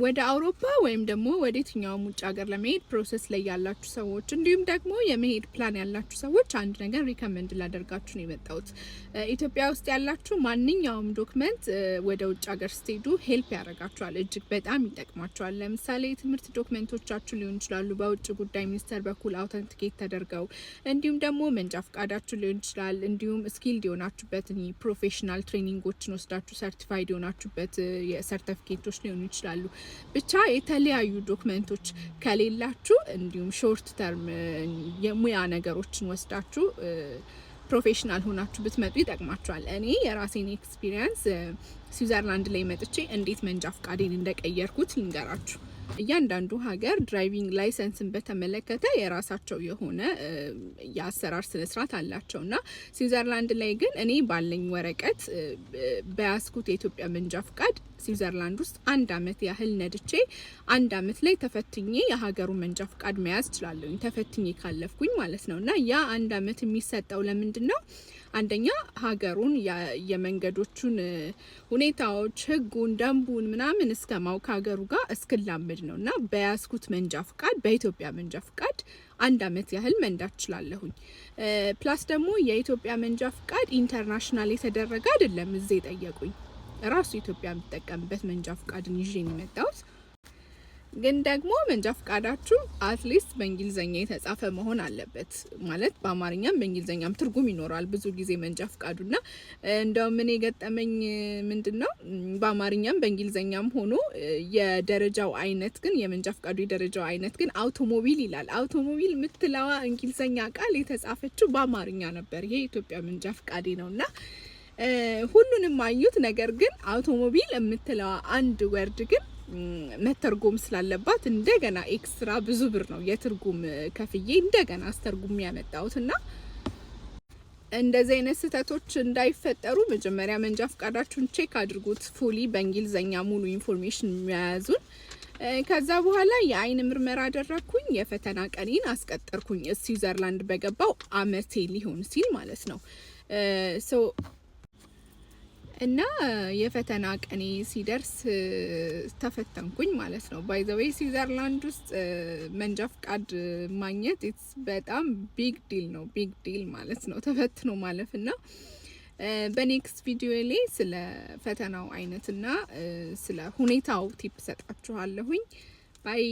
ወደ አውሮፓ ወይም ደግሞ ወደ የትኛውም ውጭ ሀገር ለመሄድ ፕሮሰስ ላይ ያላችሁ ሰዎች እንዲሁም ደግሞ የመሄድ ፕላን ያላችሁ ሰዎች አንድ ነገር ሪከመንድ ላደርጋችሁ ነው የመጣሁት። ኢትዮጵያ ውስጥ ያላችሁ ማንኛውም ዶክመንት ወደ ውጭ ሀገር ስትሄዱ ሄልፕ ያደርጋችኋል፣ እጅግ በጣም ይጠቅማችኋል። ለምሳሌ የትምህርት ዶክመንቶቻችሁ ሊሆን ይችላሉ፣ በውጭ ጉዳይ ሚኒስቴር በኩል አውተንቲኬት ተደርገው፣ እንዲሁም ደግሞ መንጃ ፈቃዳችሁ ሊሆን ይችላል። እንዲሁም ስኪል የሆናችሁበት ፕሮፌሽናል ትሬኒንጎችን ወስዳችሁ ሰርቲፋይድ የሆናችሁበት ሰርተፊኬቶች ሊሆኑ ይችላል ይችላሉ። ብቻ የተለያዩ ዶክመንቶች ከሌላችሁ እንዲሁም ሾርት ተርም የሙያ ነገሮችን ወስዳችሁ ፕሮፌሽናል ሆናችሁ ብትመጡ ይጠቅማችኋል። እኔ የራሴን ኤክስፒሪየንስ ስዊዘርላንድ ላይ መጥቼ እንዴት መንጃ ፍቃዴን እንደቀየርኩት ልንገራችሁ። እያንዳንዱ ሀገር ድራይቪንግ ላይሰንስን በተመለከተ የራሳቸው የሆነ የአሰራር ስነስርዓት አላቸው እና ስዊዘርላንድ ላይ ግን እኔ ባለኝ ወረቀት በያዝኩት የኢትዮጵያ መንጃ ፍቃድ ስዊዘርላንድ ውስጥ አንድ አመት ያህል ነድቼ አንድ አመት ላይ ተፈትኜ የሀገሩ መንጃ ፍቃድ መያዝ ችላለሁኝ። ተፈትኜ ካለፍኩኝ ማለት ነው። እና ያ አንድ አመት የሚሰጠው ለምንድን ነው? አንደኛ ሀገሩን የመንገዶቹን ሁኔታዎች፣ ህጉን፣ ደንቡን ምናምን እስከ ማውቅ ሀገሩ ጋር እስክላምድ ነው እና በያዝኩት መንጃ ፍቃድ በኢትዮጵያ መንጃ ፍቃድ አንድ አመት ያህል መንዳት ችላለሁኝ። ፕላስ ደግሞ የኢትዮጵያ መንጃ ፍቃድ ኢንተርናሽናል የተደረገ አይደለም እዚህ ጠየቁኝ። ራሱ ኢትዮጵያ የምጠቀምበት መንጃ ፍቃድን ይዤ የሚመጣውት ግን ደግሞ መንጃ ፍቃዳችሁ አትሊስት በእንግሊዝኛ የተጻፈ መሆን አለበት። ማለት በአማርኛም በእንግሊዝኛም ትርጉም ይኖረዋል ብዙ ጊዜ መንጃ ፍቃዱና እንደውም እኔ የገጠመኝ ምንድን ነው በአማርኛም በእንግሊዝኛም ሆኖ የደረጃው አይነት ግን የመንጃ ፍቃዱ የደረጃው አይነት ግን አውቶሞቢል ይላል። አውቶሞቢል የምትለዋ እንግሊዝኛ ቃል የተጻፈችው በአማርኛ ነበር። ይሄ የኢትዮጵያ መንጃ ፍቃዴ ነው እና ሁሉንም አዩት። ነገር ግን አውቶሞቢል የምትለዋ አንድ ወርድ ግን መተርጎም ስላለባት እንደገና ኤክስትራ ብዙ ብር ነው የትርጉም ከፍዬ እንደገና አስተርጉም ያመጣሁት እና እንደዚህ አይነት ስህተቶች እንዳይፈጠሩ መጀመሪያ መንጃ ፈቃዳችሁን ቼክ አድርጉት። ፉሊ በእንግሊዝኛ ሙሉ ኢንፎርሜሽን መያዙን ከዛ በኋላ የአይን ምርመራ አደረግኩኝ። የፈተና ቀኔን አስቀጠርኩኝ ስዊዘርላንድ በገባው አመቴ ሊሆን ሲል ማለት ነው። እና የፈተና ቀኔ ሲደርስ ተፈተንኩኝ ማለት ነው። ባይ ዘ ስዊዘርላንድ ውስጥ መንጃ ፍቃድ ማግኘት ኢትስ በጣም ቢግ ዲል ነው። ቢግ ዲል ማለት ነው ተፈትኖ ማለፍ እና በኔክስት ቪዲዮ ላይ ስለ ፈተናው አይነትና ስለ ሁኔታው ቲፕ ሰጣችኋለሁኝ ባይ